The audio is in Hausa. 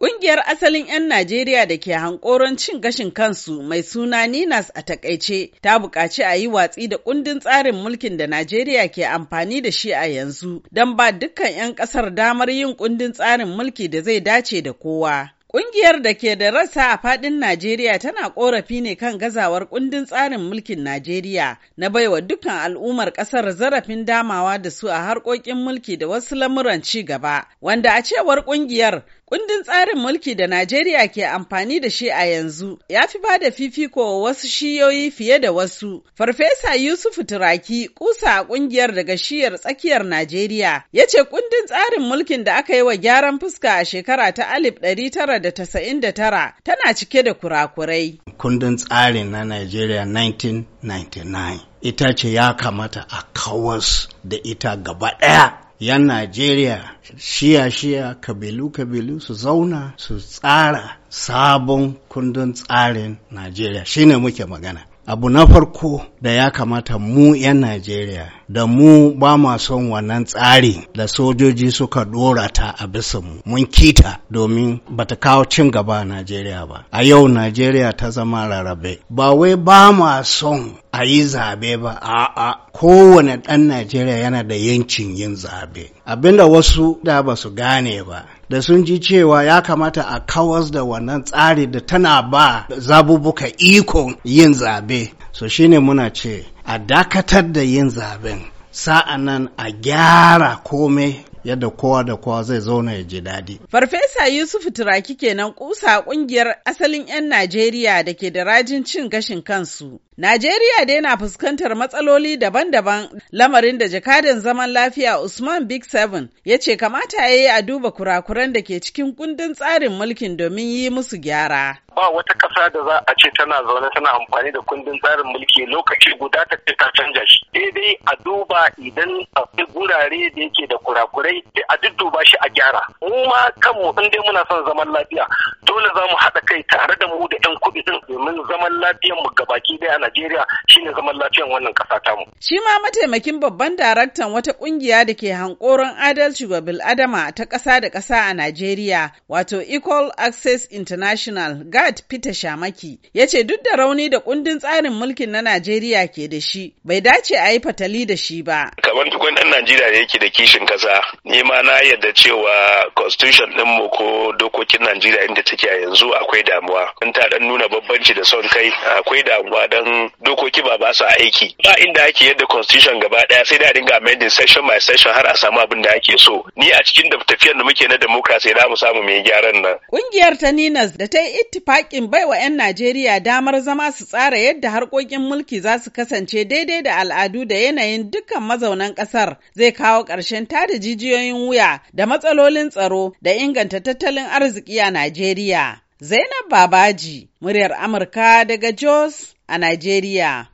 Ƙungiyar asalin 'yan Najeriya da ke hankoron cin gashin kansu mai suna Ninas a takaice ta buƙaci a yi watsi da kundin tsarin mulkin da Najeriya ke amfani da shi a yanzu don ba dukkan 'yan ƙasar damar yin kundin tsarin mulki da zai dace da kowa. Ƙungiyar da ke da rasa a faɗin Najeriya tana ƙorafi ne kan gazawar kundin tsarin mulkin Najeriya na baiwa dukkan al'ummar ƙasar zarafin damawa da su a harkokin mulki da wasu lamuran ci gaba, wanda a cewar ƙungiyar kundin tsarin mulki da Najeriya ke amfani da shi a yanzu ya fi ba da fifiko wa wasu shiyoyi fiye da wasu. Farfesa Yusuf Turaki, kusa a ƙungiyar daga shiyar tsakiyar Najeriya, ya ce kundin tsarin mulkin da aka yi wa gyaran fuska a shekara ta alif ɗari tara 1999 tana cike da kurakurai. Kundin tsarin na Najeriya 1999 ita ce ya kamata a kawas da ita gaba ɗaya. ‘Yan Najeriya shiya-shiya kabilu-kabilu su zauna su tsara sabon kundin tsarin Najeriya shine muke magana. Abu na farko da ya kamata mu ‘yan Najeriya da mu ba ma son wannan tsari da sojoji suka dora ta a bisa mu mun kita domin bata kawo cin gaba a Najeriya ba a yau Najeriya ta zama rarrabe ba wai ba ma son a yi zabe ba a'a kowane ɗan Najeriya yana da yancin yin zabe abinda wasu da ba su gane ba da sun ji cewa ya kamata a kawas da wannan tsari da tana ba zabubuka ikon yin zabe so shine muna ce a dakatar da yin zaben nan a gyara kome yadda kowa da kowa zai zauna ya ji daɗi. Farfesa Yusuf Turaki kenan kusa ƙungiyar asalin 'yan Najeriya da ke da rajin cin gashin kansu. Najeriya dai na fuskantar matsaloli daban-daban lamarin da jakadan zaman lafiya Usman Big Seven ya ce kamata ya yi a duba kurakuran da ke cikin kundin tsarin mulkin domin yi musu gyara. Ba wata ƙasa da za a ce tana zaune tana amfani da kundin tsarin mulki lokaci guda ta ta canja shi. Daidai a duba idan akwai gurare da yake da kurakurai da a dudduba shi a gyara. Mu ma kanmu in dai muna son zaman lafiya dole za mu haɗa kai tare da mu da 'yan kuɗi din domin zaman lafiyar mu gabaki ɗaya a Najeriya shine zaman lafiyan wannan ƙasa tamu. Shi ma mataimakin babban daraktan wata ƙungiya da ke hankoron adalci ga bil'adama ta ƙasa da ƙasa a Najeriya wato Equal Access International Gad Peter Shamaki ya ce duk da rauni da kundin tsarin mulkin na Najeriya ke da shi bai dace a yi fatali da shi ba. Kamar duk wani ɗan Najeriya da yake da kishin kasa, ni ma na yarda cewa constitution ɗin mu ko dokokin Najeriya inda take a yanzu akwai damuwa. Kun ta ɗan nuna babbanci da son kai akwai damuwa don dokoki ba ba su aiki ba inda ake yadda constitution gaba daya sai da dinga amending section by section har a samu abin da ake so ni a cikin da tafiyar da muke na democracy za mu samu mai gyaran nan kungiyar ta Ninas da ta yi ittifakin wa 'yan Najeriya damar zama su tsara yadda harkokin mulki za su kasance daidai da al'adu da yanayin dukkan mazaunan kasar zai kawo ƙarshen tada jijiyoyin wuya da matsalolin tsaro da inganta tattalin arziki a Najeriya. Zainab Babaji, muryar Amurka daga Jos a Nigeria.